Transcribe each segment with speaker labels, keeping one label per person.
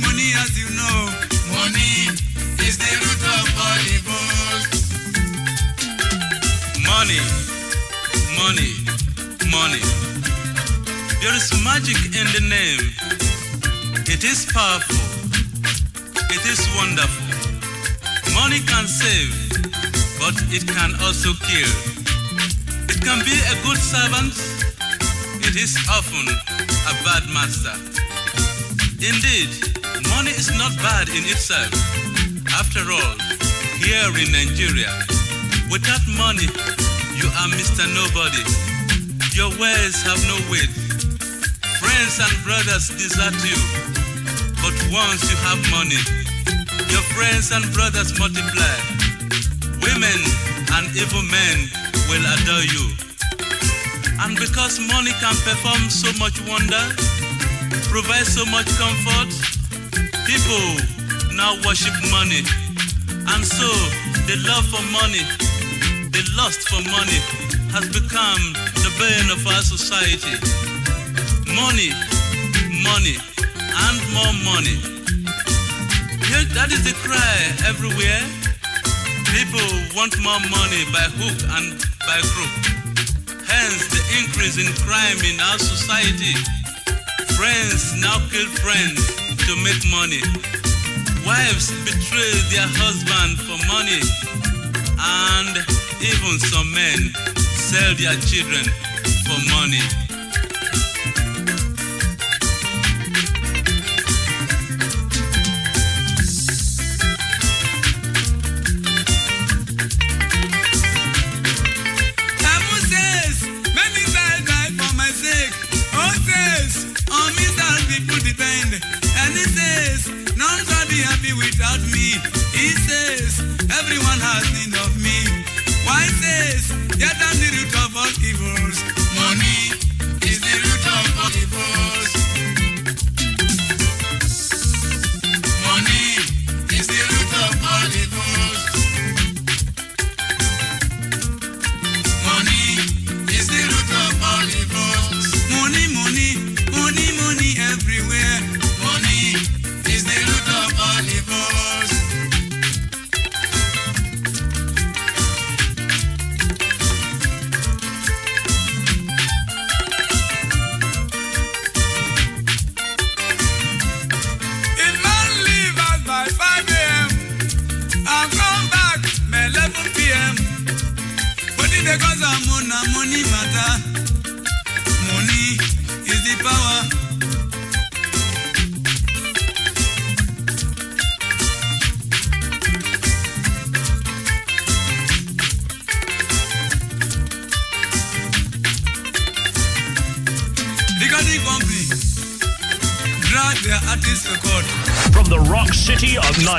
Speaker 1: money as you know? Money is the root of all
Speaker 2: evil. Money, money, money. There is magic in the name. It is powerful. It is wonderful. Money can save, but it can also kill. It can be a good servant. It is often a bad master. Indeed, money is not bad in itself. After all, here in Nigeria, without money, you are Mr. Nobody. Your words have no weight. Friends and brothers desert you. But once you have money, your friends and brothers multiply. Women and even men will adore you. And because money can perform so much wonder, provide so much comfort. People now worship money. And so the love for money, the lust for money has become the bane of our society. Money, money, and more money. That is the cry everywhere. People want more money by hook and by crook. Hence the increase in crime in our society. Friends now kill friends to make money. Wives betray their husband for money. And even some men sell their children for money.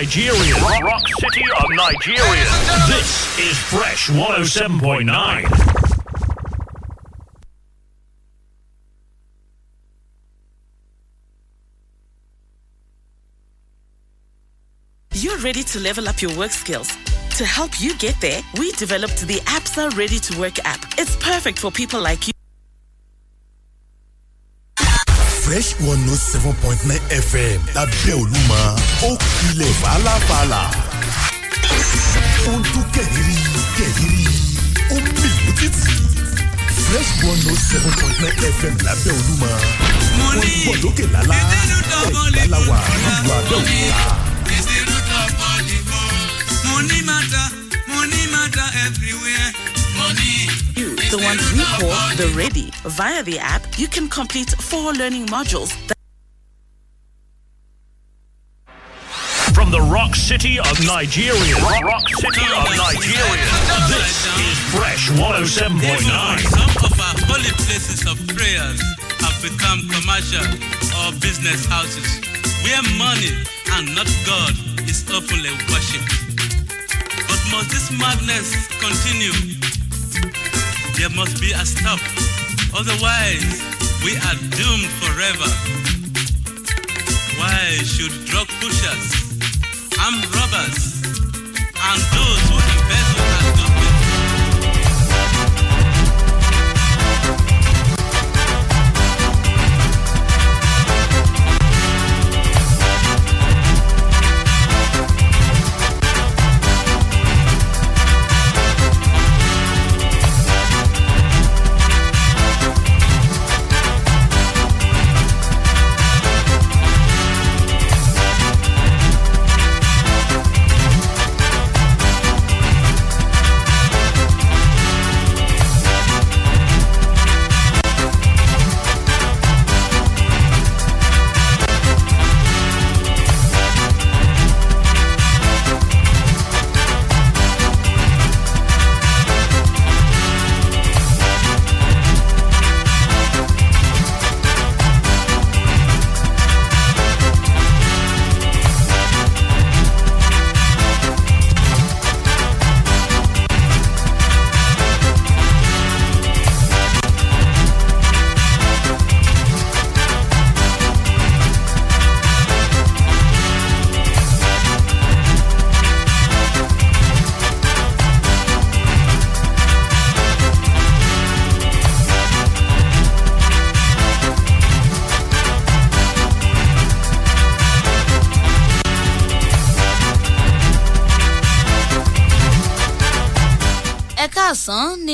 Speaker 2: Nigeria. Rock, rock City of Nigeria.
Speaker 1: This is Fresh 107.9.
Speaker 3: You're ready to level up your work skills. To help you get there, we developed the APSA Ready to Work app. It's perfect for people like you.
Speaker 4: fresh one note oh seven point nine fm lábẹ́ olúmọ ó kilẹ̀ fàlàfàlà ó ń dún kẹ̀rìírí kẹ̀rìírí ó ń mì títì fresh one note oh seven point nine fm lábẹ́ olúmọ wọ́n ń gbọ́ lókè lálá ẹ̀ bá la wà nílùú
Speaker 2: the ones we call the
Speaker 3: Ready. Via the app, you can complete four learning modules.
Speaker 2: From the rock city of Nigeria, rock, rock city of Nigeria, this is Fresh 107.9. Some of our holy places of prayers have become commercial or business houses where money and not God is openly worshipped. But must this madness continue? there must be a stop. Otherwise, we are doomed forever. Why should drug pushers, armed robbers, and
Speaker 1: those who embezzle and do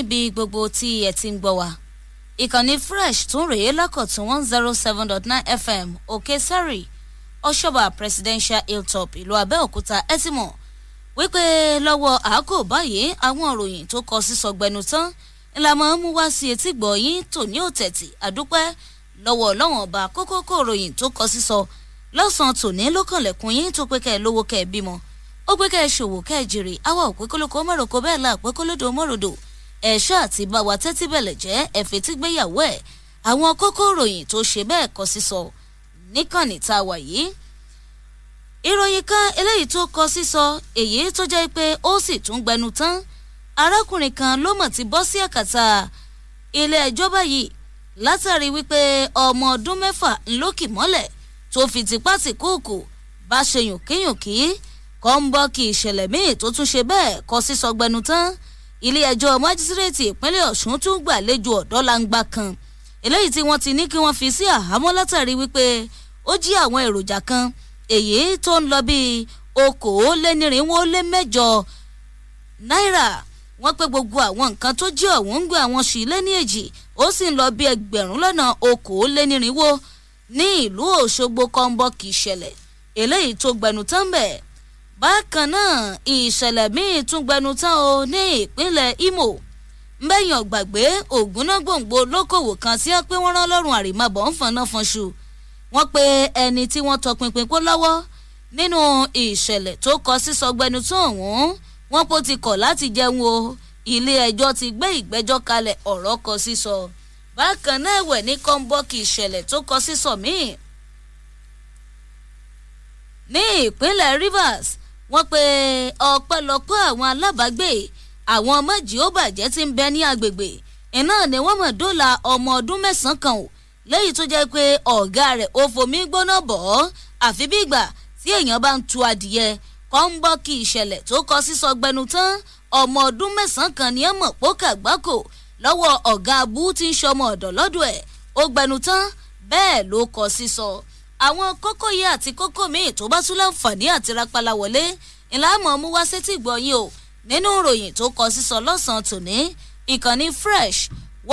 Speaker 3: níbi gbogbo tí ẹ ti ń gbọ́ wa ìkànnì fresh tún rèé lákọ̀tún one zero seven dot nine fm òkè sáré ọ̀ṣọ́bà presidential hilltop ìlú abẹ́òkúta ẹtìmọ̀ wípé lọ́wọ́ àákò báyìí àwọn òròyìn tó kọ sí sọgbẹnu tán ńlá máa ń mú wá sí etí gbọ̀nyìn tòní òtẹ̀tì àdúpẹ́ lọ́wọ́ ọlọ́wọ̀n ọba kókó kó òròyìn tó kọ sí sọ lọ́sàn-án tòní lókànlẹ̀kùn yín tó pé kẹ́ ẹ lówó kẹ́ ẹ bímọ ó pé kẹ́ ẹ ṣòwò kẹ́ ẹ jèrè àwa òpékólókó mọ̀rọ̀kọ bẹ́ẹ̀ la òpékólódò mọ̀rọ̀dò ẹ̀ṣọ́ àti báwa tẹ́tí bẹ̀lẹ̀ jẹ́ ẹ̀fẹ́ tí gbéyàwó ẹ̀ àwọn kókó ìròyìn tó ṣe bẹ́ẹ̀ kọ sísọ níkànnì tá a wà yìí ìròyìn kan eléyìí tó kọ sísọ èyí tó jẹ́ pé ó sì tún gbẹnu tán arákùnrin kan ló mọ̀ ti bọ́ sí àkàtà ilé ẹjọ́ báyìí látàrí wípé ọmọ ọdún mẹ́fà ńlókì mọ́lẹ̀ tó fi tipá tì kúùkù bá ṣe yùnkíyùnkí kọ́ ń bọ́ kí ìṣẹ̀lẹ̀ míì tó tún ṣe bẹ́ẹ̀ kọ sísọ gbẹnu tán ilé-ẹjọ́ májísírèètì ìpínlẹ̀ ọ̀ṣun tún gbàlejò ọ̀dọ́ langba kan eléyìí tí wọ́n ti ní kí wọ́n fi sí àhámọ́ látàrí wípé ó jí àwọn èròjà kan èyí tó ń lọ bíi okòólénírínwó lé mẹ́jọ náírà wọ́n pé gbogbo àwọn nǹkan tó jí ọ̀hún ń gbé àwọn sí lé ní èjì ó sì ń lọ bí ẹgbẹ̀rún lọ́nà okòólénírínwó ní ìlú òṣogbo kọ́ńbọ́ọ̀kì ìṣẹ̀lẹ̀ eléyìí tó gbẹnu tán bẹ́ẹ̀ bákan náà ìṣẹ̀lẹ̀ míì tún gbẹnu tán o ní ìpínlẹ̀ imo mbẹ́yìn ọ̀gbàgbé ògúnnágbòǹgbò lókòwò kan tí wọ́n pé wọ́n rán lọ́rùn àrèmábọ̀ ń fọnná fọnṣu wọ́n pe ẹni tí wọ́n tọpinpin kó lọ́wọ́ nínú ìṣẹ̀lẹ̀ tó kọ sísọgbẹnu tún ọ̀hún wọ́n kò ti kọ̀ láti jẹun o ilé ẹjọ́ ti gbé ìgbẹ́jọ́ kalẹ̀ ọ̀rọ̀ kọ sísọ bákan náà ẹ̀wẹ̀ ní kọ́ńbọ́ọ̀kì ìṣẹ̀lẹ̀ tó kọ sísọ míì ní ìpínlẹ̀ rivers wọ́n pe ọ̀pẹ̀lọpẹ̀ àwọn alábàágbé àwọn mọ́jì ó bàjẹ́ ti ń bẹ ní agbègbè iná ni wọ́n mọ̀ dóòlà ọmọ ọdún mẹ́sàn-án kan ò lẹ́yìn tó jẹ́ pé ọ̀gá rẹ̀ ó fomi gbóná bọ̀ ọ́ àfi bí ìgbà tí èèyàn bá ń tu adìyẹ kọ́ ń bọ́ kí ìṣẹ̀lẹ̀ tó kọ sísọ gbẹnu tán ọmọ ọdún mẹ́sàn-án kan ni ẹ mọ̀ pókà gbáko lọ́wọ́ ọ̀gá abú ti ń ṣọmọ ọ̀dọ̀ lọ́dọ̀ ẹ̀ ó gbẹnu tán bẹ́ẹ̀ ló kọ sísọ. So àwọn kókó yìí àti kókó míì tó bá tún láǹfààní àti rapala wọlé ìlànà mú wá sétí ìgbọ̀nyìn o nínú ìròyìn tó kọ sísọ lọ́sàn-án tòní ìkànnì fresh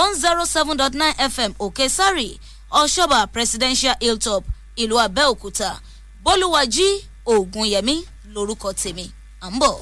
Speaker 3: one zero oh seven dot nine fm òkè sáré ọ̀ṣọ́bà presidential hilltop ìlú abẹ́òkúta bólúwájí ògùnyẹmí lórúkọ tèmi à ń bọ̀.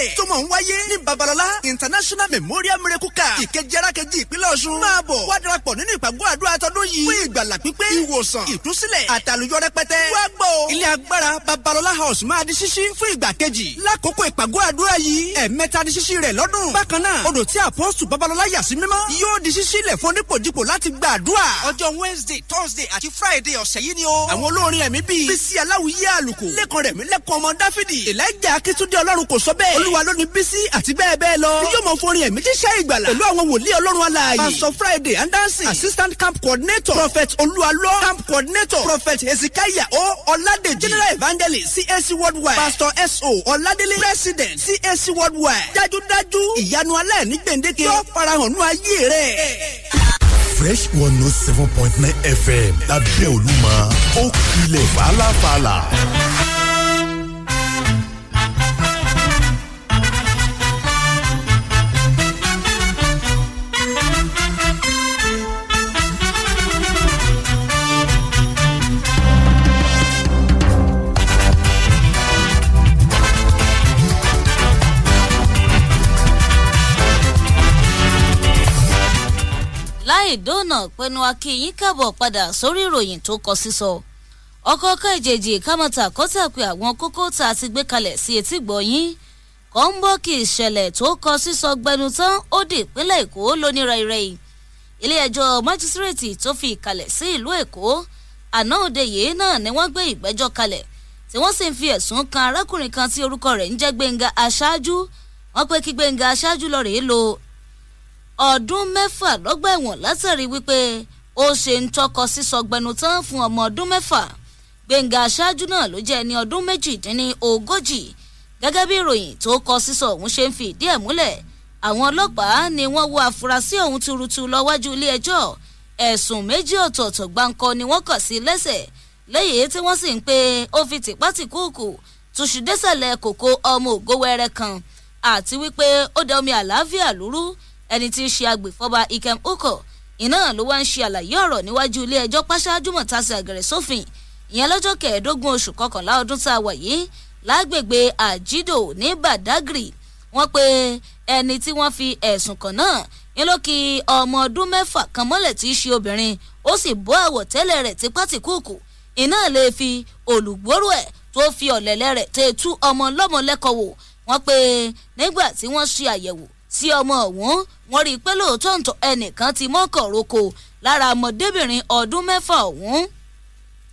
Speaker 4: rẹ̀ tó mọ̀ ń wáyé ní Babalọlá International Memorial Miracle Car ìkejì arákejì ìpínlẹ̀ Ọ̀ṣun máa bọ̀ wá darapọ̀ nínú ìgbàlà pípé ìwòsàn ìtúsílẹ̀ àtàlùjọ rẹpẹtẹ. wá gbọ́ ilé agbára babalọla house máa di ṣíṣí fún ìgbà kejì lákòókò ìpàgọ́ àdúrà yìí ẹ̀ẹ̀mẹta di ṣíṣí rẹ̀ lọ́dún. bákan náà odò tí àpọ́sù babalọla yà sí mímọ́ yóò di ṣíṣí lẹ̀ fún dípòdípò láti gba àdúrà. ọjọ́ wednesday thursday àti friday ọ̀sẹ̀ yìí ni o. àwọn olórin ẹ̀mí bíi bísí aláwìyé olúwalọ camp coordinator prophet hezekiah o ọládèjì general evangelist cac worldwide pastor so ọládélé president cac worldwide dájúdájú ìyanu aláìní gbèǹdéke yóò farahàn nú ayé rẹ. fresh one note oh seven point nine fm lábẹ́ olúmọ ó kilẹ̀ fàlàfàlà.
Speaker 3: náà pinnu akínyìn káàbọ̀ padà sórí ìròyìn tó kọ sísọ ọkọ̀ọ̀kan ìjèjì kámọ́tà kọ́tà pé àwọn kókó tá a ti gbé kalẹ̀ sí etí gbọ̀nyìn kọ́ ń bọ́ kí ìṣẹ̀lẹ̀ tó kọ sísọ gbẹnu tán ó di ìpínlẹ̀ èkó lónìí rẹ̀ ilé ẹjọ́ májísírèètì tó fi ìkàlẹ̀ sí ìlú èkó àná òde yìí náà ni wọ́n gbé ìgbẹ́jọ́ kalẹ̀ tí wọ́n sì ń fi ẹ̀sùn kan arákùnrin kan tí orúkọ rẹ̀ ń jẹ́ gbẹ̀ngà aṣáájú wọ́n pé kí gbẹ̀ngà aṣáájú lọ rèé lo ọdún mẹ́fà lọ́gbà ẹ̀wọ̀n látàrí wípé ó ṣe ń tọkọ sísọ gbẹnu tán fún ọmọ ọdún mẹ́fà gbẹ̀ngà aṣáájú náà ló jẹ́ ẹni ọdún méjìdínní ogójì gẹ́gẹ́ bí ìròyìn tó kọ sísọ ọ̀hún ṣe ń fi ìdí ẹ̀ múlẹ̀ àwọn ọlọ́pàá ni wọ́n wo àfúrásì ọ̀hún tuurutu lọ́wájú ilé ẹjọ́ ẹ̀sùn méjì ọ̀tọ̀ọ̀tọ̀ gbáǹkọ ni wọ́n kàn sí lẹ́sẹ̀ lẹ́yìn tí wọ́n sì ń pe ó fi tìpátìkúùkù tùṣùdésàlẹ̀ kòkó ọmọ ògówẹ́rẹ́ kan àti wípé ó da omi àlàáfíà lúrú ẹni tí í ṣe agbèfọ́ba Ikem Uko iná ló wá ń ṣe àlàyé ọ̀rọ̀ níwájú ilé ẹjọ́ pàṣáájú mọ̀tàṣe àgẹ̀rẹ̀ sófin ìyẹn lọ́jọ́ kẹẹ̀ẹ́dógún oṣù kọkànlá ọdún tá a wà yìí lágbègbè àjídò ní Badagry wọ́n pe ẹni tí wọ́n fi ẹ̀sùn kàn náà ń ló ki ọmọ ọdún mẹ́fà kan mọ́lẹ̀ tí í ṣe obìnrin ó sì bọ́ àwọ̀tẹ́lẹ̀ rẹ̀ tipátìkúùkù iná lè fi olùgbòrò ẹ̀ tó fi ọ̀lẹ̀lẹ̀ rẹ̀ tẹ̀ ọmọ ọlọ́mọ lẹ́kọ̀ọ́ wò wọ́n pe nígbà tí wọ́n ṣe àyẹ̀wò tí ọmọ ọ̀hún wọ́n rí i pé lóòótọ́ ǹtọ́ ẹnìkan ti mọ́kàn roko lára ọmọdébìnrin ọdún mẹ́fà ọ̀hún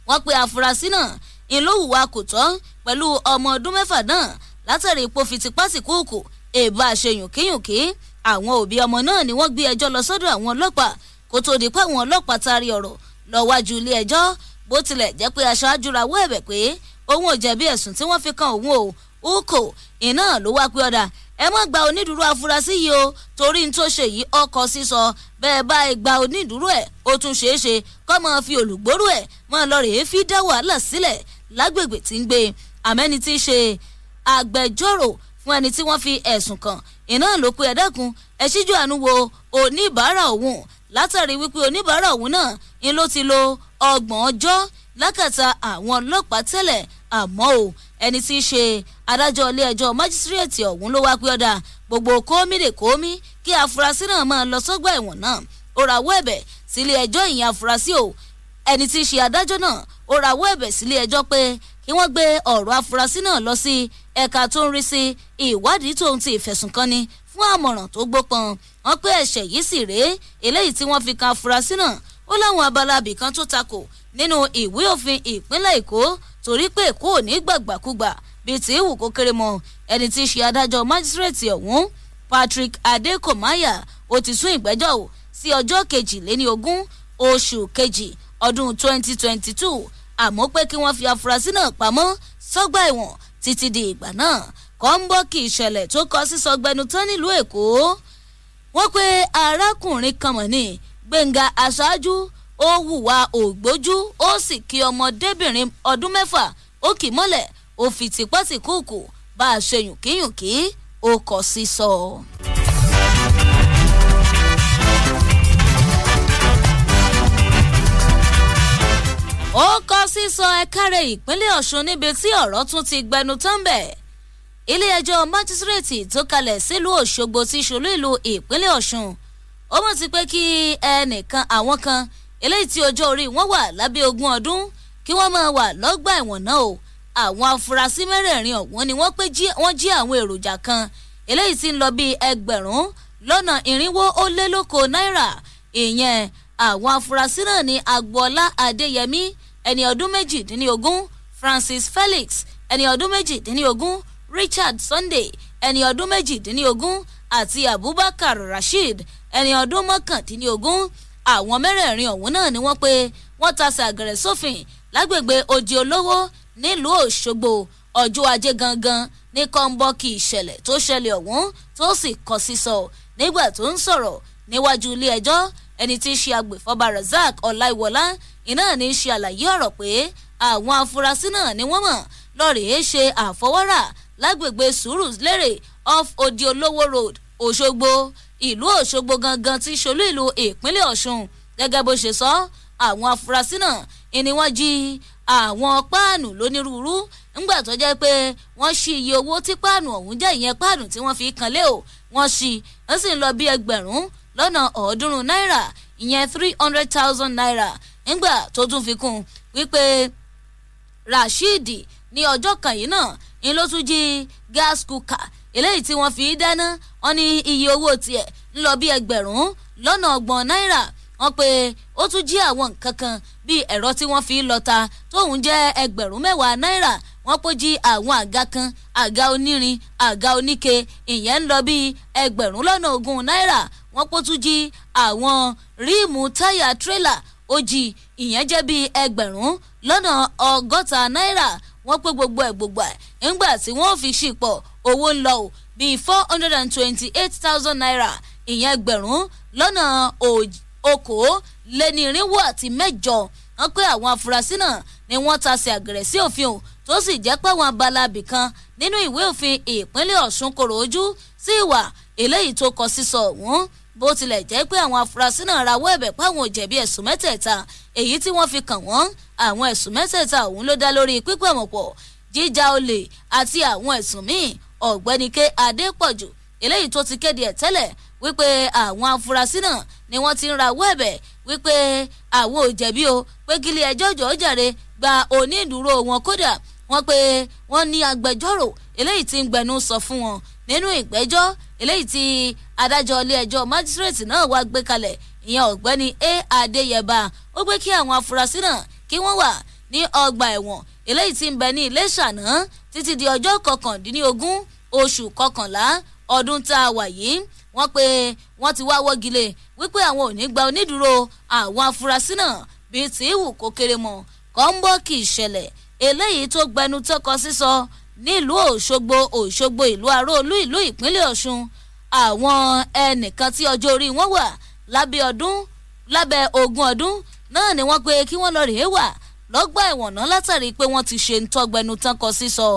Speaker 3: wọ́n pe àfúrásì náà ìlówùwà kò tọ́ pẹ̀lú ọmọ ọdún mẹ́fà náà látàrí ipò fìtìpásìkúùkù èèbà àṣeyùnkíyùnkí àwọn òbí ọmọ náà ni wọ́n gbé ẹjọ́ lọ sọ́dọ̀ àwọn ọlọ́pàá kó tó di pé àwọn ọlọ́pàá taari ọ̀rọ̀ lọ wájú ilé ẹjọ́ bó tilẹ̀ jẹ́ pé aṣáájú rawọ́ ẹ̀bẹ̀ pé òun ò jẹ̀bi ẹ̀sùn tí wọ́n fi kan òun o uko iná ló wá pé ọ̀dà ẹ mọ̀ gba onídùúró afurasí yìí o torí n tó ṣe yìí ọkọ̀ sísọ bẹ́ẹ̀ bá gba onídùúró ẹ̀ ó tún ṣeé ṣe kọ́ mọ́ fi olùgbòrò ẹ̀ mọ́ lọ rèé fi dá wàhálà sílẹ̀ lágbègbè tí ń gbé àmẹ́ni tí í ṣe agbẹjọ́rò fún ẹni tí wọ́n fi ẹ̀sùn kàn iná ló pe ẹ̀dẹ́kun ẹ ṣíjú àánú wo oníbàárà òun látàrí wípé oníbàárà òun náà ni ló ti lo ọgbọ̀n ọjọ́ lákàtà àwọn ọlọ́pàá tẹ́lẹ̀ àmọ́ o ẹni tí í ṣe adájọ́ ilé ẹjọ́ májísírèètì ọ̀hún ló wá pé ọ̀dà gbogbo kómìnì kómì kí afurasí náà máa lọ sọ́gbà ẹ̀wọ̀n náà ó rawọ́ ẹ̀bẹ̀ sílé ẹjọ́ ìyẹn afurasí o ẹni tí í ṣe adájọ́ náà ó rawọ́ ẹ̀bẹ̀ sílé ẹjọ́ pé kí wọ́n gbé ọ̀rọ̀ afurasí náà lọ sí ẹ̀ka tó ń rí sí ìwádìí tóun ti ìfẹ̀sùnkanni fún àmọ̀ràn tó gbópọn wọn pé ẹ̀ṣẹ̀ yìí sì rèé eléyìí tí wọ́n fi kan afurasí náà ó láwọn abala abìkan tó takò nínú ìwé òfin ìpínlẹ̀ èkó torí pé èkó ò ní gbàgbàkúgbà bíi tí ìwù kó kéré mọ ẹni tí í ṣe adájọ́ májísírèètì ọ̀hún Patrick Adekomaya ó ti sún ìgbẹ́jọ́ o sí ọjọ́ kejìléní ogún oṣù kejì ọdún 2022 àmọ́ pé kí wọ́n fi afurasí náà pamọ́ sọ́gbà ẹ̀wọ̀n títí di ìgbà náà kọ́ńbọ́ọ̀kì ìṣẹ̀lẹ̀ tó kọ sí sọgbẹ́nu tán nílùú èkó wọ́n pe arákùnrin kan Gbẹ̀ngà Aṣáájú ó hùwà ògbójú ó sì kí ọmọdébìnrin ọdún mẹ́fà ó kì í mọ́lẹ̀ ó fi tipátìkúùkù bá a ṣe yùnkíyùnkí ó kọ̀ sí sọ. ó kọ́ sísọ ẹ̀kárẹ̀ ìpínlẹ̀ ọ̀ṣun níbi tí ọ̀rọ̀ tún ti gbẹnu tán bẹ̀. ilé-ẹjọ́ májísírèètì tó kalẹ̀ sílùú òṣogbo ti ṣolú ìlú ìpínlẹ̀ ọ̀ṣun ó mọ̀ sí pé kí ẹnìkan àwọn kan, eh, eléyìí tí ọjọ́ orí wọn wà lábẹ́ ogún ọdún kí wọ́n máa wà lọ́gbà ẹ̀wọ̀n náà o àwọn afurasí mẹ́rẹ̀ẹ̀rin ọ̀hún ni wọ́n pé wọ́n jí àwọn èròjà kan eléyìí tí ń lọ bíi ẹgbẹ̀rún lọ́nà irinwó ó lé lóko náírà ìyẹn àwọn afurasí náà ni agboola adéyẹmí ẹni ọdún méjìdínlógún francis felix ẹni ọdún méjìdínlógún richard sunday ẹni ọdún méjìdínlógún àti abubakar rasheed ẹni ọdún mọ́kàndínlógún àwọn mẹ́rẹ̀ẹ̀rin ọ̀hún náà ni wọ́n pe wọ́n tasẹ̀ àgẹ̀rẹ̀ sófin lágbègbè òjì olówó nílùú òṣogbo ọjọ́ ajé gangan ní kọ́ńbọ́ọ̀kì ìṣẹ̀lẹ̀ tó ṣẹlẹ̀ ọ̀hún tó sì kọ́ sísọ nígbà tó ń sọ̀rọ̀ níwájú ilé ẹjọ́ ẹni tí í ṣe agbèfọ́ba razak ọláìwọlá iná ní í ṣe àlàyé ọ̀rọ̀ pé àwọn afurasí náà ni wọ́n mọ̀ lọ́ọ̀rẹ́ ṣe àfọwọ́rà lágbègbè sùúrù lérè off odi olówó road òṣogbo ìlú Òṣogbo gangan ti ṣolú ìlú ìpínlẹ̀ Ọ̀ṣun gẹ́gẹ́ bó ṣe sọ àwọn afurasí náà ni wọ́n jí àwọn páànù lónírúurú ńgbà tó jẹ́ pé wọ́n ṣí iye owó tí páànù ọ̀hún jẹ́ ìyẹn páànù tí wọ́n fi kanlé o wọ́n ṣí ó sì ń lọ bí ẹgbẹ̀rún lọ́nà ọ̀ọ́dúnrún náírà ìyẹn three hundred thousand naira ńgbà tó tún fi kún wípé Rasheed ní ọjọ́ kan yìí náà ń ló tún jí gas cooker eléyìí tí wọ́n fi dáná wọ́n ní iye owó tiẹ̀ ń lọ bí ẹgbẹ̀rún lọ́nà ọgbọ̀n náírà wọ́n pe ó tún jí àwọn nǹkan kan bíi ẹ̀rọ tí wọ́n fi ń lọ́ta tóun jẹ́ ẹgbẹ̀rún mẹ́wàá náírà wọ́n kó jí àwọn àga kan àga onírin àga oníke ìyẹn ń lọ bíi ẹgbẹ̀rún lọ́nà ogún náírà wọ́n kó tún jí àwọn ríìmù táyà tírélà ó ìyẹn jẹ́ bíi ẹgbẹ̀rún lọ́nà ọgọ́ta náírà wọ́n pé gbogbo ẹ̀ gbogbo ẹ̀ ńgbà tí wọ́n fi ṣìpọ̀ owó ń lọ o bíi four hundred and twenty eight thousand naira ìyẹn ẹgbẹ̀rún lọ́nà okòólénírínwó àti mẹ́jọ wọ́n pé àwọn afurasí náà ni wọ́n tasẹ̀ àgẹ̀rẹ̀ sí òfin o tó sì jẹ́ pé àwọn abala abì kan nínú ìwé òfin ìpínlẹ̀ ọ̀ṣun kòrò ojú sí ìwà eléyìí tó kọ sísọ ọ̀hún bó tilẹ̀ jẹ́ pé àwọn afurasí náà rawọ́ ẹ̀bẹ̀ páwọn ò jẹ̀bi ẹ̀sùn mẹ́tẹ̀ẹ̀ta èyí tí wọ́n fi kàn wọ́n àwọn ẹ̀sùn mẹ́tẹ̀ẹ̀ta ọ̀hún ló dá lórí pípẹ́ mọ̀pọ̀ jíjà olè àti àwọn ẹ̀sùn míì ọ̀gbẹ́ni K Adépọ̀jù eléyìí tó ti kéde ẹ̀ tẹ́lẹ̀ wípé àwọn afurasí náà ni wọ́n ti ń rawọ́ ẹ̀bẹ̀ wípé àwọn ò jẹ̀bi o pé kílé ẹjọ́ jọ̀ọ́ jàre gba onídùúró wọn kódà wọ́n pé wọ́n ní agbẹjọ́rò eléyìí tí ń gbẹnu sọ fún wọn nínú ìgbẹ́jọ́ eléyìí tí adájọ́ ilé ẹjọ́ májísírèètì náà wá gbé kalẹ̀ ìyẹn ọ̀gbẹ́ni A Adéyẹba ó gbé kí àwọn afurasí náà kí wọ́n wà ní ọgbà ẹ̀wọ̀n eléyìí ti ń bẹ ní iléṣà náà títí di ọjọ́ kọkàndínlógún oṣù kọkànlá ọdún tá a wà yìí wọ́n pe wọ́n ti wá wọ́gilé wípé àwọn ò ní gba onídùúró àwọn afurasí náà bíi tí ìwù kó kéré mọ́ kọ́ńbọ́ọ̀kì ìṣẹ̀lẹ̀ eléyìí tó gbẹnu tọkọ sísọ nílùú òṣogbo òṣogbo ìlú aróolú ìlú ìpínlẹ̀ ọ̀ṣun àwọn ẹnìkan tí ọjọ́ orí wọn wà lábẹ́ ogún ọdún náà ni wọ́n pe kí wọ́n lọ rèé wà lọ́gbà ẹ̀wọ̀n náà látàrí pé wọ́n ti ṣe ń tọ́gbẹ́nu tán kọ sísọ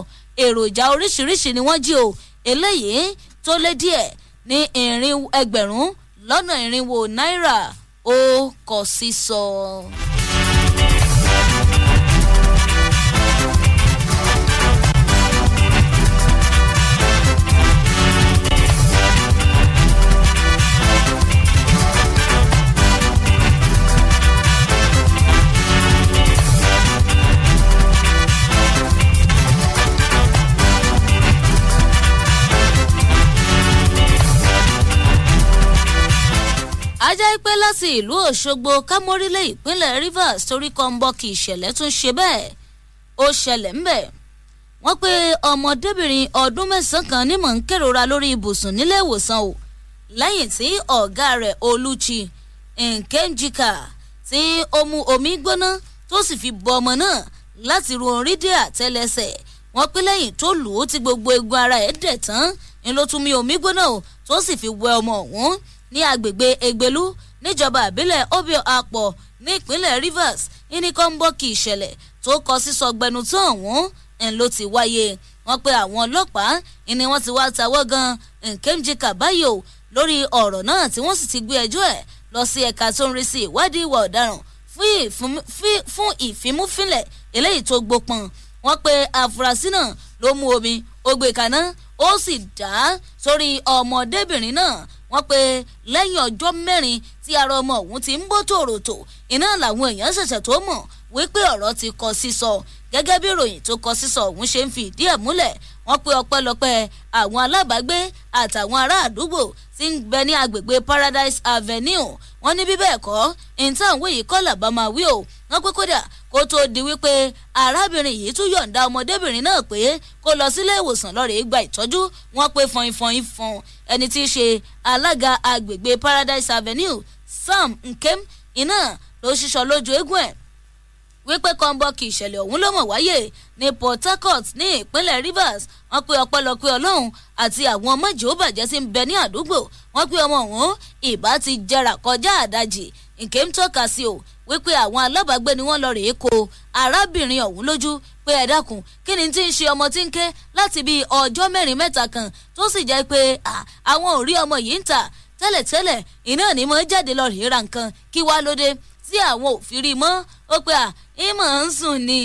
Speaker 3: èròjà oríṣiríṣi ni wọ́n jí o eléyìí tó lé díẹ̀ ní ẹgbẹ̀rún lọ́nà ìrìnwó náírà ó kọ sísọ. So. ajá pé láti ìlú Òṣogbo kámórílẹ̀ ìpínlẹ̀ Rivers torí kọ́ńbọ́ọ̀kì ìṣẹ̀lẹ̀ tún ṣe bẹ́ẹ̀ ó ṣẹlẹ̀ ńbẹ̀ wọ́n pé ọmọdébìnrin ọdún mẹ́sàn-án kan ní mọ̀ ń kérora lórí ibùsùn nílé ìwòsàn o lẹ́yìn tí ọ̀gá rẹ̀ Olúchi Nkemjika tí ó mu omi gbóná tó sì fi bọ ọmọ náà láti ru orí dé àtẹ́lẹsẹ̀ wọ́n pé lẹ́yìn tó lù ú tí gbogbo egun ara ẹ̀ dẹ̀ tán ni ló tún mi omi gbóná o tó sì fi wẹ ọmọ ọ̀hún ní agbègbè egbelu níjọba àbílẹ̀ obio apọ̀ ní ìpínlẹ̀ rivers ìníkọ́ńbọ́ọ̀kì ìṣẹ̀lẹ̀ tó kọ sísọgbẹnu tó ọ̀hún ń ló ti wáyé wọn pe àwọn ọlọ́pàá ìní wọn ti wá tawọ́ gan nkemji kabayo lórí ọ̀rọ̀ náà tí wọ́n sì ti gbé ẹjọ́ ẹ̀ lọ sí ẹ̀ka tó ń rí sí ìwádìí ìwà ọ̀daràn fún ìfimúfínlẹ̀ eléyìí tó gbópọn wọn pe àfúrásì náà ló mú omi ó kaná ó sì dá sórí ọmọdébìnrin náà wọ́n pe lẹ́yìn ọjọ́ mẹ́rin tí ara ọmọ ọ̀hún ti ń bó tòròtò iná làwọn èèyàn ṣẹ̀ṣẹ̀ tó mọ̀ wípé ọ̀rọ̀ ti kọ sísọ gẹ́gẹ́ bí ìròyìn tó kọ sísọ ọ̀hún ṣe ń fi ìdí ẹ̀ múlẹ̀ wọ́n pé ọpẹ́lọpẹ́ àwọn alábàágbé àtàwọn ará àdúgbò tí ń bẹ ní agbègbè Paradise Avenue wọ́n ní bíbẹ̀ ẹ̀kọ́ intan wíyí kọ́là bá máa wí o wọ́n pé kódà kó tóó di wípé arábìnrin yìí tún yọ̀ǹda ọmọdébìnrin náà pé kó lọ sílé ìwòsàn lọ́rẹ̀ẹ́ gba ìtọ́jú wọ́n pé fọnfọnfọn fọn ẹni tí í ṣe alága agbègbè Paradise Avenue Sam Nkem iná ló ṣiṣọ́ lójú eégún ẹ̀ wípé kọ́ńbọ́ọ̀kì ìṣẹ̀lẹ̀ ọ̀hún ló mọ̀ wáyé ní Port Harcourt ní ìpínlẹ̀ Rivers wọ́n pe ọpẹ́lọpẹ́ Ọlọ́run àti àwọn mọ́jì ó bàjẹ́ sí ń bẹ ní àdúgbò wọ́n pe ọmọ ọ̀hún ìbá ti jẹrà kọjá àdájì nkem tọ́ka sí o wípé àwọn alábàágbé ni wọ́n lọ rèé ko arábìnrin ọ̀hún lójú pé ẹ dákun kí ni tí ń ṣe ọmọ tí ń ké láti bíi ọjọ́ mẹ́rin mẹ́ta kan tó sì jẹ́ pé àwọn ò rí ọmọ yìí ń tà tẹ́lẹ̀tẹ́lẹ̀ iná ni mo jáde lọ rèé ra nǹkan kí wá lóde tí àwọn ò fi rí mọ́ ó pé à ìmọ̀ ń sùn ni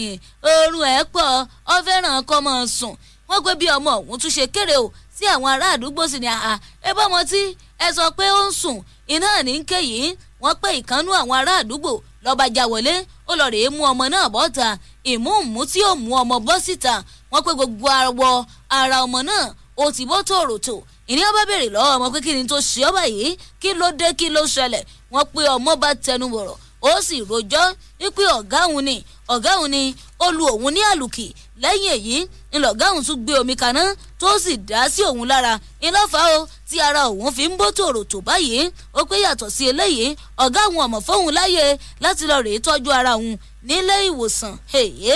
Speaker 3: oorun ẹ̀ pọ̀ ọ fẹ́ràn kọ́ mọ̀ sùn wọ́n gbé bí ọmọ òun tún ṣe kéré o tí àwọn ará àdúgbò sì ní àhà ẹ bá ọmọ tí ẹ sọ pé ó ń sùn iná ní ń ké yìí wọ́n pé ìkánú àwọn ará àdúgbò lọ́ba já wọlé ó lọ rèé mú ọmọ náà bọ́ta ìmúùmú tí ó mú ọmọ bọ́ síta wọ́n pé gbogbo àwọ̀ ara ọmọ náà ó ti bọ́ tòròtò ìní ọba béèrè lọ́wọ́ ọmọ pé kí ni tó ṣe ọba yìí kí ló dé kí ló ṣẹlẹ̀ wọ́n pé ọmọ bá tẹnu bọ̀rọ̀ ó sì rojọ́ wípé ọ̀gá òun ni ọ̀gá òun ni ó lu òun ní àlùkì lẹ́yìn èyí ńlọ̀gá òun tún gbé omi kaná tó sì dá sí òun lára ńlọ́fà o tí ara òun fi ń bó tòrò tó báyìí ó pé yàtọ̀ sí eléyìí ọ̀gá òun ọ̀mọ̀ fóun láyè láti lọ rèé tọ́jú ara òun nílé ìwòsàn èyí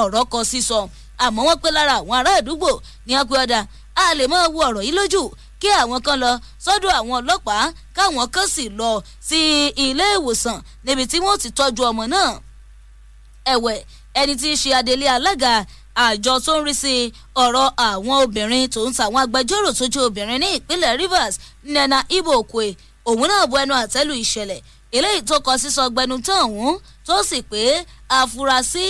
Speaker 3: ọ̀rọ̀ kan sísọ àmọ́ wọ́n pé lára àwọn ará àdúgbò ní akpé a lè máa wo ọ̀rọ̀ yìí lójú kí àwọn kan lọ sọ́dọ̀ àwọn ọlọ́pàá káwọn kan sì lọ sí ilé ìwòsàn níbi tí wọ́n ti tọ́jú ọmọ náà ẹ̀wẹ̀ ẹni tí í ṣe adelé alága àjọ tó ń rí sí ọ̀rọ̀ àwọn obìnrin tó ń tàwọn agbẹjọ́rò tó jẹ́ obìnrin ní ìpínlẹ̀ Rivers Nena Ibokwe òun náà bu ẹnu àtẹ́lù ìṣẹ̀lẹ̀ eléyìí tó kọ sísọ gbẹnutọ́ ọ̀hún tó sì pé àfúrásì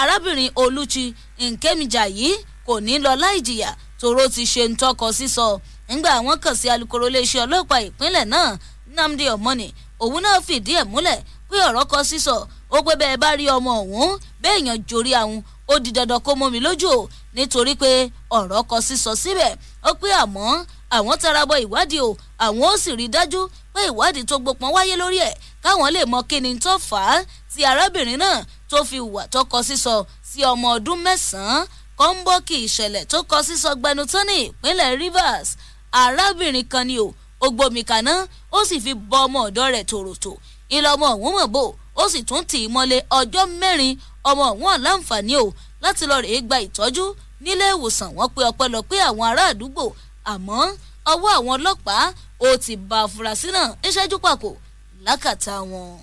Speaker 3: arábìnrin Olúchi Nkemijayi kò ní lọ láì jìyà tòró ti ṣe ń tọkọ sísọ. So nígbà àwọn kàn sí alukoro iléeṣẹ́ ọlọ́pàá ìpínlẹ̀ náà Nnamdi Omoni òun náà fìdí ẹ̀ múlẹ̀ pé ọ̀rọ̀ kọ sísọ ó pé bẹ́ẹ̀ bá rí ọmọ ọ̀hún béèyàn jórí àwọn ó di dandan kó mọ́ lójú o nítorí pé ọ̀rọ̀ kọ sísọ síbẹ̀ ó pé àmọ́ àwọn tara bọ ìwádìí o àwọn ó sì rí dájú pé ìwádìí tó gbópọn wáyé lórí ẹ̀ káwọn lè mọ kíni tó fà á tí arábìnrin náà tó fi hùwà tó kọ sísọ sí ọmọ ọdún mẹ́sàn-án kọ́ńbọ́ọ̀kì ìṣẹ̀lẹ̀ tó kọ sísọ gbẹnután ìpínlẹ̀ Rivers arábìnrin kan ni o ó gbomi kaná ó sì fi bọ ọmọ ọ̀dọ́ rẹ̀ tòròtò ìlọmọ ọ̀hún mọ̀ bò ó sì tún tì í mọ́lé ọjọ́ mẹ́rin ọmọ ọ̀hún láǹfààní o láti lọ rèé gba ìtọ́jú nílé ìwòsàn wọn pé ọpẹ́lọpẹ́ àwọn ará àdúgbò àmọ́ ọwọ́ àwọn ọlọ́pàá ó ti bá afurasí náà ń ṣẹ́jú pàkó lákàtà wọn.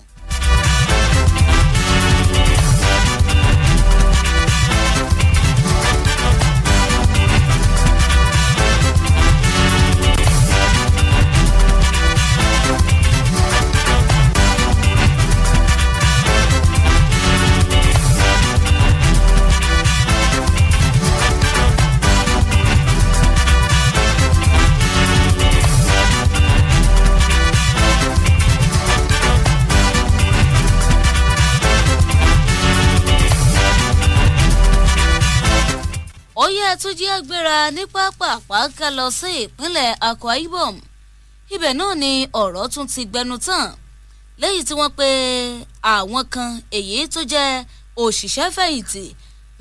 Speaker 3: ó yẹ túnjí agbéra ní pápápá ká lọ sí ìpínlẹ̀ akwa ibom ibẹ̀ náà ni ọ̀rọ̀ tún ti gbẹnu tán lẹ́yìn tí wọ́n pe àwọn kan èyí tó jẹ́ òṣìṣẹ́ fẹ̀yìntì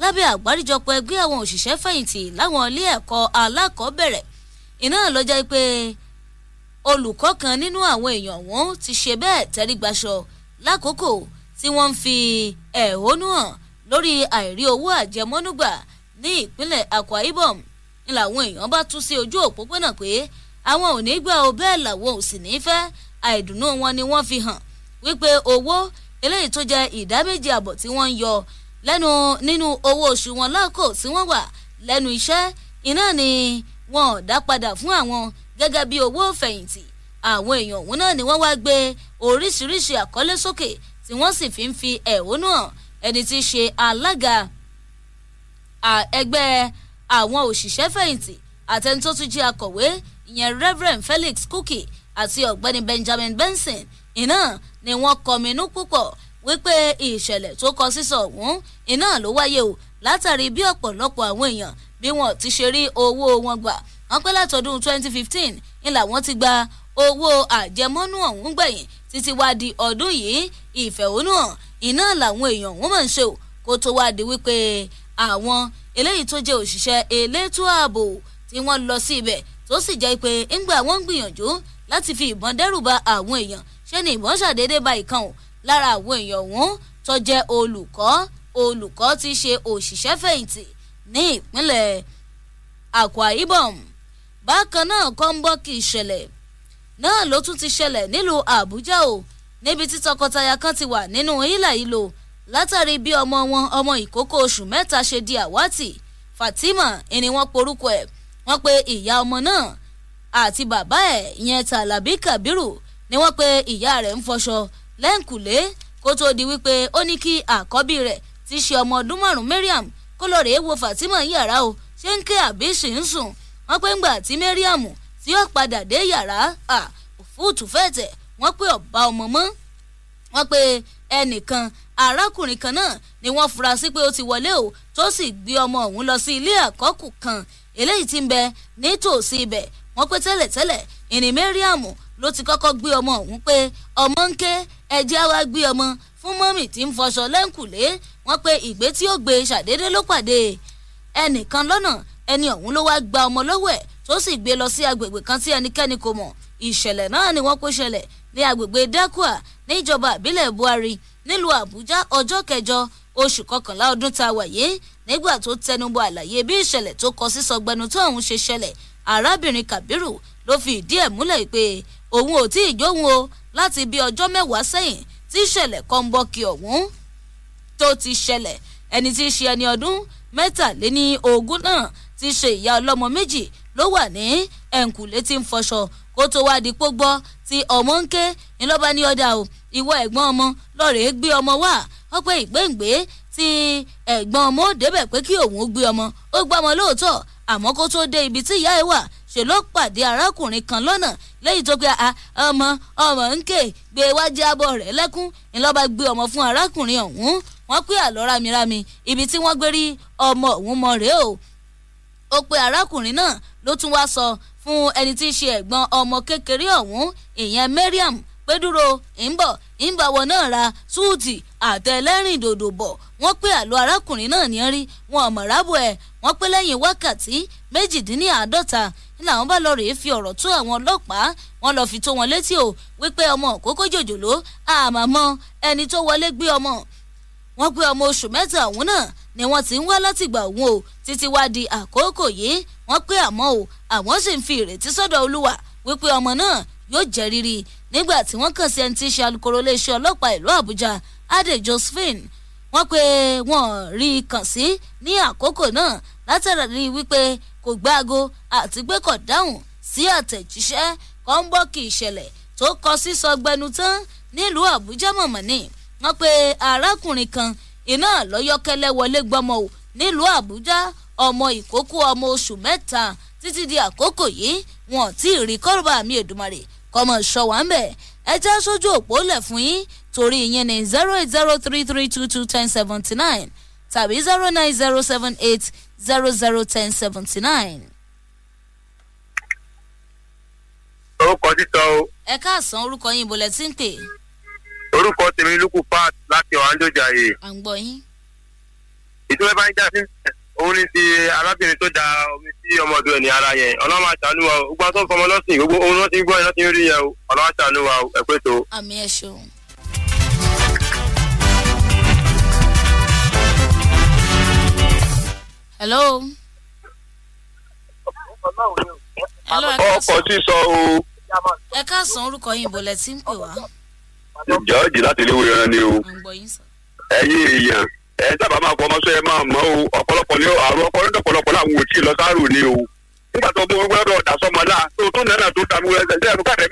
Speaker 3: lábẹ́ àgbáríjọpọ̀ ẹgbẹ́ àwọn òṣìṣẹ́ fẹ̀yìntì láwọn ilé ẹ̀kọ́ alákọ̀ọ́bẹ̀rẹ̀ iná ló jẹ́ pé olùkọ́ kan nínú àwọn èèyàn wọn ti ṣe bẹ́ẹ̀ tẹ́rígbaṣọ lákòókò tí wọ́n ń fi ẹ̀hónú hàn lórí àìrí owó àjẹmọ́núgbà ní ìpínlẹ̀ akwa ibom ni làwọn èèyàn bá tú sí ojú òpópónà pé àwọn ò ní gbà ó bẹ́ẹ̀ làwọn ò sì ní fẹ́ àìdùnnú wọn ni wọ́n fi hàn wípé owó eléyìí tó jẹ́ ìdá méjì àbọ̀ tí wọ́n ń yọ lẹ́nu nínú owó oṣù wọn lákò tí wọ́n wà lẹ́nu iṣẹ́ iná ni wọn ò dá padà fún àwọn gẹ́gẹ́ bí owó fẹ̀yìntì àwọn èèyàn òun náà ni wọ́n wá gbé oríṣiríṣi àkọlé sókè tí wọ́n sì fi ń fi ẹ̀hónú hàn ẹni tí í ṣe alága ẹgbẹ́ àwọn òṣìṣẹ́ fẹ̀yìntì àtẹni tó tún jẹ́ akọ̀wé ìyẹn reverend felix kuki àti ọ̀gbẹ́ni benjamin benson iná ni wọ́n kọminú púpọ̀ wípé ìṣẹ̀lẹ̀ tó kọ sísọ ọ̀hún iná ló wáyé o látàrí bí ọ̀pọ̀lọpọ̀ àwọn èèyàn bí wọ́n ti ṣe rí owó wọn gbà wọ́n pẹ́ látọdún 2015 ni làwọn ti gba owó àjẹmọ́nú ọ̀hún gbẹ̀yìn títí wá di ọdún yìí ìfẹ̀hónúhàn iná làwọn èèyàn ọ̀hún mọ̀ ń ṣe o kó tó wá di wípé àwọn eléyìí tó jẹ́ òṣìṣẹ́ elétò ààbò tí wọ́n lọ sí ibẹ̀ tó sì jẹ́ pé ńgbà wọ́n ń gbìyànjú láti fi ìbọn dẹ́rùba àwọn èèyàn ṣé ni ìbọn ṣàdédé ba ìkan ò lára àwọn èèyàn ọ̀hún tó jẹ́ olùkọ́ olùkọ́ ti ṣe òṣìṣẹ́ ní ìpínlẹ̀ Akwa Ibom bákan náà kọ́ ń bọ́ kí ìṣẹ̀lẹ̀ náà ló tún ti ṣẹlẹ̀ nílùú Àbújá o níbi tí tọkọtaya kan ti wà nínú hílàhílo látàrí bí ọmọ wọn ọmọ ìkókó oṣù mẹ́ta ṣe di àwátì fatima ni wọ́n porúkọ ẹ̀ wọ́n pe ìyá ọmọ náà àti bàbá ẹ̀ ìyẹn tàlàbí kàbírù ni wọ́n pe ìyá rẹ̀ ń fọṣọ lẹ́ǹkùlé kó tóó di wípé ó ní kí àkọ́bí rẹ̀ ti ṣe ọmọ ọdún márùn-ún mariam kó lọ rèé wo fatima yàrá o ṣé ń ké àbí ṣì ń sùn wọ́n pé ńgbà tí mariam tí ó padà dé yàrá òfúùtù fẹ̀tẹ̀ wọ́n pé ọ̀bá ọmọ mọ́ wọ́n pe ẹnìkan arákùnrin kan náà ni wọ́n fura sí pé ó ti wọlé o tó sì gbé ọmọ ọ̀hún lọ sí ilé àkọ́kù kan eléyìí tí ń bẹ nítòsí ibẹ̀ wọ́n pé tẹ́lẹ̀tẹ́lẹ̀ ìní Mariam ló ti kọ́kọ́ gbé ọmọ ọ̀hún pé ọmọ ń ké ẹjẹ́ wá gbé ọmọ fún mọ́mì tí ń fọṣọ lẹ́ǹkùlé wọ́n pé ìgbé tí ó gbé ṣàdédé ló pàdé ẹnìkan lọ́nà ẹni ọ̀hún ló wá gba ọmọ lọ́wọ́ ẹ̀ tó sì gbé lọ sí agbègbè kan tí ẹnikẹ́ni kò mọ̀ ìṣẹ̀lẹ̀ náà ni wọ́n kó ṣẹlẹ̀ ní agbègbè Dakwa níjọba ìbílẹ̀ Buhari nílùú àbújá ọjọ́ kẹjọ oṣù kọkànlá ọdún tá a wà yé nígbà tó tẹnubọ àlàyé bí ìṣẹ̀lẹ̀ tó kọ sí sọgbẹnu tó ọ̀hún ṣe ṣẹlẹ̀ arábìnrin kabiru ló fi ìdí ẹ̀ múlẹ̀ pé òun ò tí ì jóhun o láti bí ọjọ́ mẹ́wàá sẹ́yìn tí ìṣẹ̀lẹ̀ kọ́ńbọ́ọ̀kì ọ̀hún tó ti ṣẹlẹ̀ ẹni tí í ṣe ẹni ọdún mẹ́tàléní ogún náà ti ṣe ìyá ọlọ́mọ méjì ló wà ní ẹ̀ǹkùlé tí ń fọṣọ kó tó wá di pógbọ́ tí ọmọ ń ké ńlọ́ba ní ọ̀dà o ìwọ ẹ̀gbọ́n ọmọ lọ́ọ̀rẹ́ gbé ọmọ wá ọpẹ́ ìgbéǹgbé tí ẹ̀gbọ́n ọmọ débẹ̀ pé kí òun gbé ọmọ ó gbọ́ ọmọ lóòótọ́ àmọ́ kó tó dé ibi tí ìyá ẹ̀ wà ṣe ló pàdé arákùnrin kan lọ́nà lẹ́yìn tó pé ọmọ ọmọ ń ké gbé e wájú abọ́ rẹ̀ lẹ́kún ńlọ́ba gbé ọmọ fún arákùnrin ọ̀hún wọ́n pé àlọ́ ramirami ibi tí wọ́n gbé rí ọmọ ọ̀hún mọ̀ rèé o ó pe arákùnrin náà ló tún wá sọ fún ẹni tí í ṣe ẹ̀gbọ́n ọmọ kékeré ọ̀hún ìyẹn Mariam pé dúró ńbọ̀ ńbà wọn náà ra súùtì àtẹlẹ́rìn dòdò bọ̀ wọ́n pé àlọ́ arákùnrin náà ní rí wọn àmọ̀rábọ̀ ẹ̀ wọ́n pé lẹ́yìn wákàtí méjìdínláàádọ́ta làwọn bá lọ rèé fi ọ̀rọ̀ tó àwọn ọlọ́pàá wọn lọ fi tó wọn létí o wípé ọmọ kókó jòjòló àmàmọ́ ẹni tó wọlé gbé ọmọ wọn gbé ọmọ oṣù mẹ́ta ọ̀hún náà ni wọ́n ti ń wá látìgbà òun o títí wá di àkókò yìí wọ́n pé àmọ́ o àwọn sì ń fi ìrètí sọ́dọ̀ olúwa wípé ọmọ náà yóò jẹ́ rírí nígbà tí wọ́n kàn sí ẹni tí í ṣe alukoro iléeṣẹ́ ọlọ́pàá ìlú àbújá adé josephine wọ́n pe wọ́n rí i kàn sí ní àkókò náà látàrí wípé kò gbá aago àti pé kò dáhùn sí àtẹ̀jíṣẹ́ kọ́ńbọ́ọ̀kì ìṣẹ̀lẹ̀ tó kọ sí sọgbẹnu tán nílùú àbújá mọ̀mọ́ ni wọ́n pe arákùnrin kan iná lọ́yọ́kẹ́lẹ́ wọlé gbọ́mọ o nílùú àbújá ọmọ ìkókó ọmọ oṣù mẹ́ta títí di àkókò yìí wọn ò rí kọ́rọ̀bà mi èdùmarè kọ́mọ ṣọwà ń bẹ̀ ẹ já sójú òpó lẹ̀ fún yín torí ìyẹn ní zero eight zero three three two two ten seventy nine tàbí zero nine zero seven eight zero zero ten seventy nine.
Speaker 4: orúkọ títọ o.
Speaker 3: ẹ káàsán orúkọ yín ìbòlẹ̀ tí ń pè.
Speaker 4: orúkọ tèmi lukú pat láti ọ̀hánjọ́jà yìí. à ń gbọ́ yín. ìtura bá ń já òun ní ti arábìnrin tó da omi sí ọmọdún ẹni ara yẹn ọlọ́run àṣàánú wa o gbogbo tó fọmọ lọ́sìn gbogbo ohun tó ti gbọ́ yẹn lọ́sìn rí yẹn o ọlọ́run àṣàánú wa o ẹ pé tó.
Speaker 3: àmì ẹ ṣeun. hello. hello ẹ ká
Speaker 1: sọ ọkọ sísọ o.
Speaker 3: ẹ ká sọ orúkọ yìí ìbọlẹ ń pè wá.
Speaker 4: jọ́ọ̀jì láti ilé ìwé ni o. ẹ̀yin èèyàn ẹ sábà máa fọ ọmọọṣẹ máa
Speaker 1: mọ o ọ̀pọ̀lọpọ̀ ní àrùn ọkọ lọ́dọ̀ ọ̀pọ̀lọpọ̀ làwọn ò tí ì lọ sáàrù ni o nígbà tó mú wẹ́rọ̀ sọmọlá tó tó nẹ́nà tó dàbí wẹ́rẹ́ sẹ́yìn